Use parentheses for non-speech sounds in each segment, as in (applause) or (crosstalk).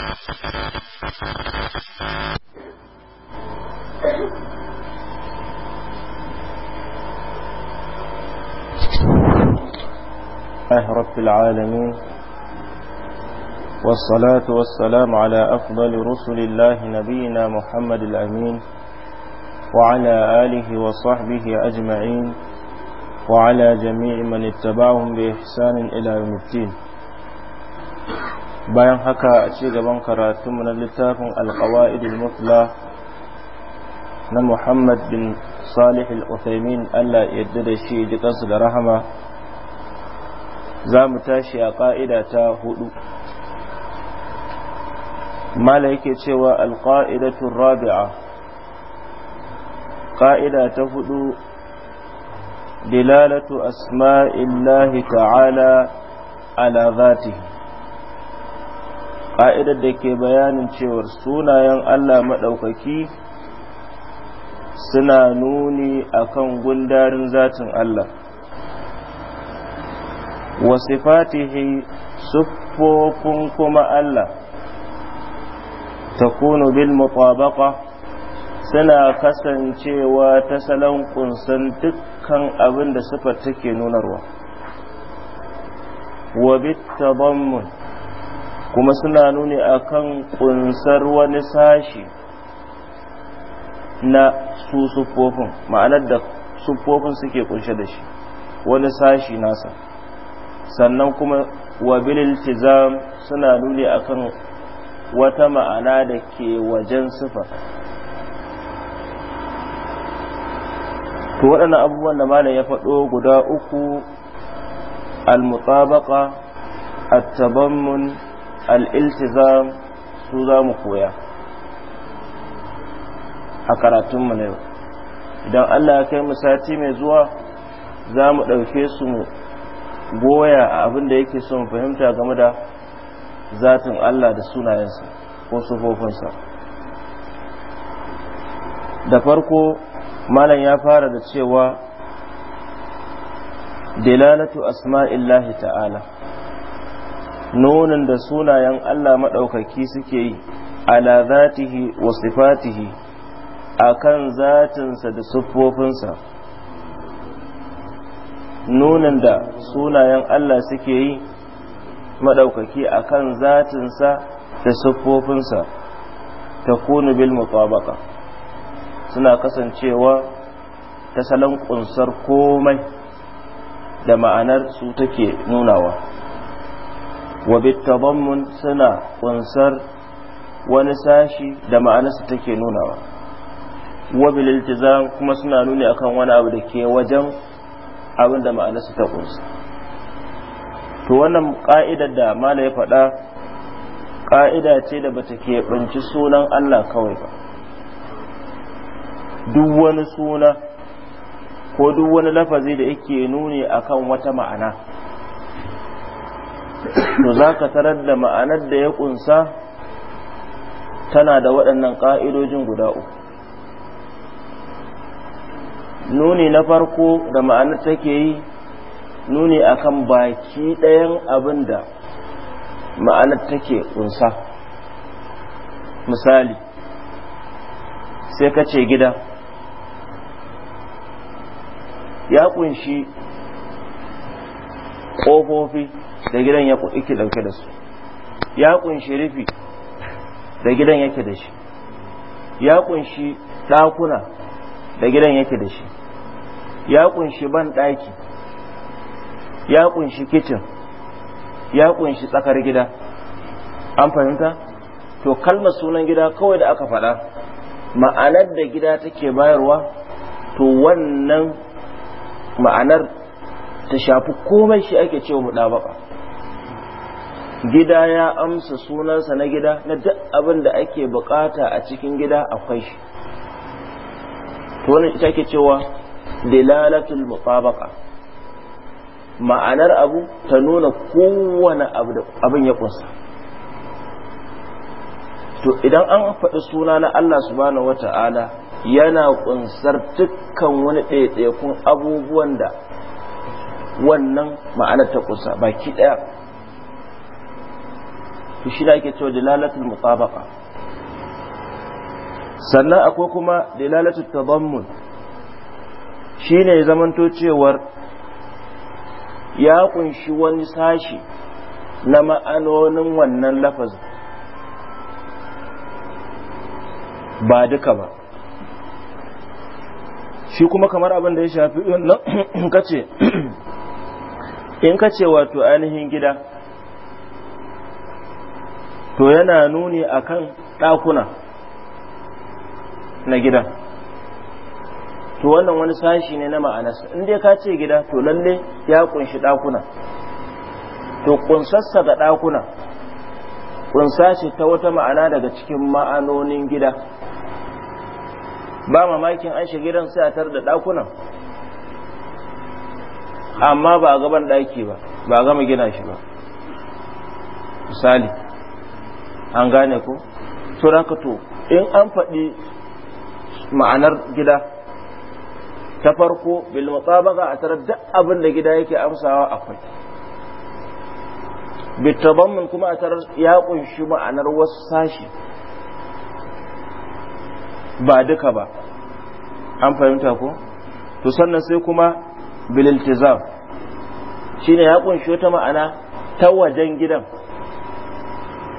الله رب العالمين والصلاة والسلام على أفضل رسل الله نبينا محمد الأمين وعلى آله وصحبه أجمعين وعلى جميع من اتبعهم بإحسان إلى يوم الدين bayan haka a ci gaban karatunmu na littafin alkawa'idul mutla na muhammad bin salih al-uthaymin allah yadda da shi ji kansu da rahama za mu tashi a ƙa'ida ta hudu mala yake cewa alƙa'idatun rabi'a ƙa'ida ta hudu dilalatu asma'illahi ta'ala ala zatihi ƙa'idar da ke bayanin cewar sunayen Allah maɗaukaki suna nuni a kan gundarin zatin Allah wasu fatihi siffofin kuma Allah takunu bil mutabaqa suna kasancewa ta salon kunsan dukkan abin da siffar take nunarwa wa bit tadammun kuma suna nuni a kan kunsar wani sashi na su sufofin ma'anar da sufofin suke kunshe da shi wani sashi nasa sannan kuma bilil tizam suna nuni a kan wata ma'ana da ke wajen sufa to waɗannan abubuwan da malam ya faɗo guda uku al mutabaqa at-tabammun al'iltizam su za mu koya a karatunmu na yau idan Allah ya kai mu sati mai zuwa za mu ɗauke su mu goya a abinda da yake son fahimta game da zatin Allah da sunayensa ko sufofinsa da farko malam ya fara da cewa dilalatu asma'illahi ta'ala nunin da sunayen Allah maɗaukaki suke yi ala zatihi wa sifatihi a kan zatinsa da siffofinsa nunin da sunayen Allah suke yi maɗaukaki a kan zatinsa da siffofinsa ta kunu bil mutabaka suna kasancewa ta salon ƙunsar komai da ma'anar su take nunawa wa bitadammun suna kunsar wani sashi da ma'anarsa take nunawa wa bil kuma suna nuni akan wani abu da ke wajen abin da ma'anarsa ta kunsa to wannan ka'idar da mala ya faɗa ka'ida ce da bata keɓanci sunan Allah kawai ba duk wani suna ko duk wani lafazi da yake nuni akan wata ma'ana to za ka tarar da ma'anar da ya kunsa tana da waɗannan ƙa'idojin guda uku nuni na farko da ma'anar take yi nuni akan baki ɗayan abin da ma'anar take kunsa misali sai ka ce gida ya kunshi ƙofofi da gidan ya yake ɗauke da su ya kunshi rufi da gidan yake da shi ya kunshi ɗakuna da gidan yake da shi ya kunshi ban ɗaki ya kunshi kicin ya kunshi tsakar gida an fahimta to kalmar sunan gida kawai da aka faɗa ma'anar da gida take bayarwa to wannan ma'anar ta shafi komai shi ake cewa mudabaka gida ya amsa sunansa na gida na duk abin da ake bukata a cikin gida akwai shi to wannan ita ake cewa dilalatul mutabaqa ma'anar abu ta nuna kowane abin ya kunsa to idan an faɗi suna na Allah subhanahu wata'ala yana kunsar dukkan wani ɗaiɗaikun abubuwan da wannan ma'anar ta kusa baki daya to shi da ake cewa dalalatul mutabaqa sannan akwai kuma dalalatul tadammun shine ya zamanto cewar ya kunshi wani sashi na ma'anonin wannan lafazi ba duka ba shi kuma kamar abin da ya shafi wannan (coughs) kace in ka ce wato ainihin gida to yana nuni kan ɗakuna na gidan to wannan wani sashi ne na ma'anarsa in dai ka ce gida to lalle ya kunshi ɗakuna to kunsassa ga ɗakuna kunsa ce ta wata ma'ana daga cikin ma'anonin gida ba mamakin an gidan sai a tar da ɗakunan amma ba a gaban ɗaki ba ba a gama gina shi ba misali an gane ko to haka to in an faɗi ma'anar gida ta farko bil mutabaka a tarar duk abin da gida yake amsawa akwai bitabammin kuma a tarar ya kunshi ma'anar wasu sashi ba duka ba an fahimta ko to sannan sai kuma bililtizam ne ya kunshi wata ma'ana ta wajen gidan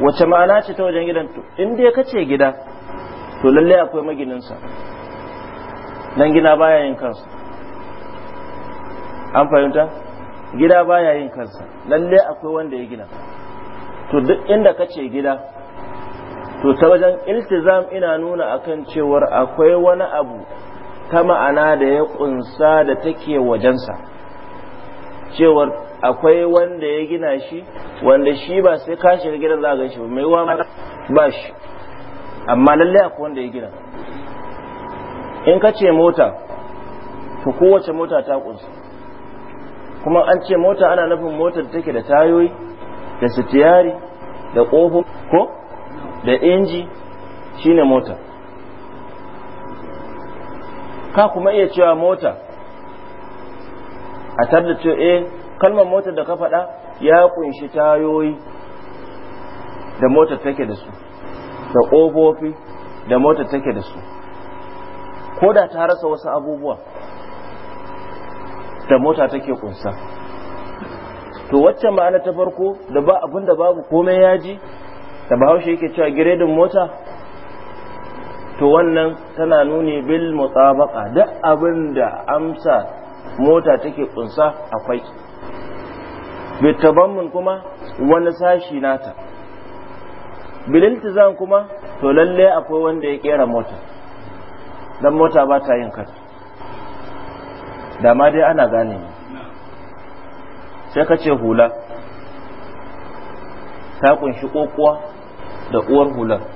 wace ma'ana ce ta wajen gidan to inda ya kace gida to lallai akwai magininsa nan gina baya yin kansa an fahimta gida baya yin kansa lallai akwai wanda ya gina to duk inda kace gida to ta wajen iltizam ina nuna akan cewar akwai wani abu ta ma'ana da ya kunsa da take wajensa cewar akwai wanda ya gina shi wanda shi ba sai ka da gidan za shi mai wa ba shi amma lallai akwai wanda ya gina in ka ce mota to kowace mota ta kunsa kuma an ce mota ana nufin motar take da tayoyi da sitiyari da ƙofo ko da inji shine mota ka kuma iya cewa mota a tar da cewa eh kalmar motar da ka faɗa ya kunshi tayoyi da motar take da su da ƙofofi da motar take da su ko da ta rasa wasu abubuwa da mota take kunsa to wacce ma'ana ta farko da ba abin da babu komai yaji da bahaushe yake cewa giredin mota to wannan tana nuni bil mutabaka duk abin da amsa mota take kunsa akwai bitabanmun kuma wani sashi nata bililtizam kuma to lalle akwai wanda ya kera mota dan mota ba ta yin kat da ma dai ana gane ne sai ka ce hula ta kunshi kokuwa da uwar hular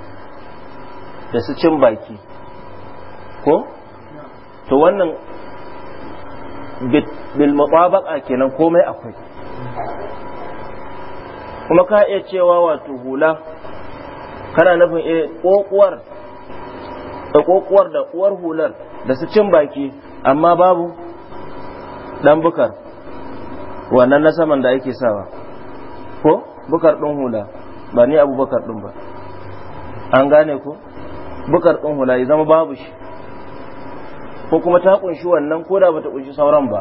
da su cin baki ko to wannan bil kenan komai akwai kuma ka iya cewa wato hula kana nufin eh kokuwar da kokuwar da uwar hular da su cin baki amma babu dan bukar wannan na saman da ake sawa ko bukar din hula ba ni abubakar din ba an gane ko bukar ɗin hula ya zama babu shi ko kuma ta kunshi wannan ko da bata kunshi sauran ba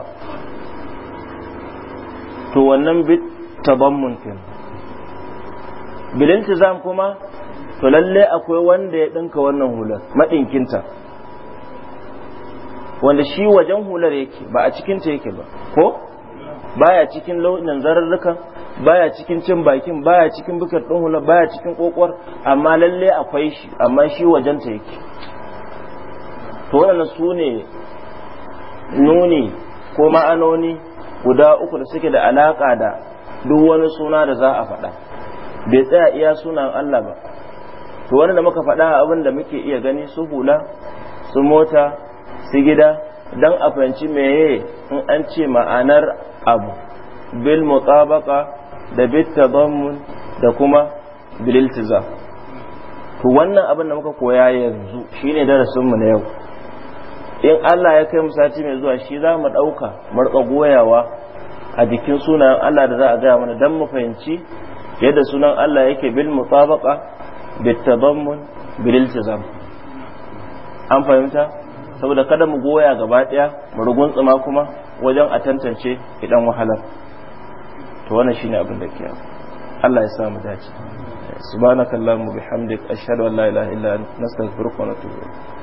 to wannan bit tabammun kin zam kuma to lalle akwai wanda ya ɗinka wannan hular maɗinkinta wanda shi wajen hular yake ba a cikinta yake ba ko baya cikin launin zararrukan baya cikin cin bakin baya cikin bukar ɗin hula baya cikin kokwar amma lalle akwai shi amma shi wajen ta yake to waɗannan su ne nuni ko ma'anoni guda uku da suke da alaƙa da duk wani suna da za a faɗa bai tsaya iya sunan Allah ba to wani da muka faɗa abin da muke iya gani su hula su mota su gida don a fahimci meye in an ce ma'anar abu bil mutabaka da bittadammun da kuma bililtiza to wannan abin da muka koya yanzu shine darasin mu na yau in Allah ya kai mu sati mai zuwa shi za mu ɗauka marka goyawa a jikin sunayen Allah da za a gaya mana dan mu fahimci yadda sunan Allah yake bil mutabaqa bit tadammun bil an fahimta saboda kada mu goya gaba daya mu ruguntsuma kuma wajen a tantance idan wahalar to wannan shine abin da ke Allah ya samu dace subhanakallahumma bihamdik ashhadu an la ilaha illa anta nastaghfiruka wa natubu